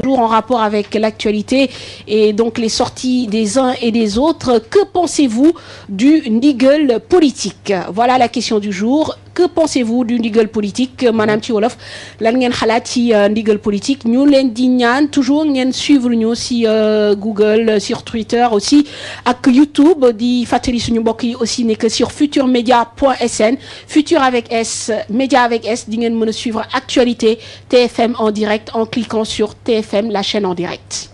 toujours en rapport avec l'actualité et donc les sorties des uns et des autres. Que pensez-vous du niggle politique? Voilà la question du jour. que pensez-vous du ndigal politique euh, maanaam ci wolof lan ngeen xalaat ci euh, ndigal politique ñu leen di ñaan toujours ngeen suivre ñu si euh, Google sur Twitter aussi ak YouTube di fàttali suñu mbokk yi aussi nekk sur futurmedia.sn futur avec S média avec S di ngeen mën a suivre actualité TFM en direct en cliquant sur TFM la chaîne en direct.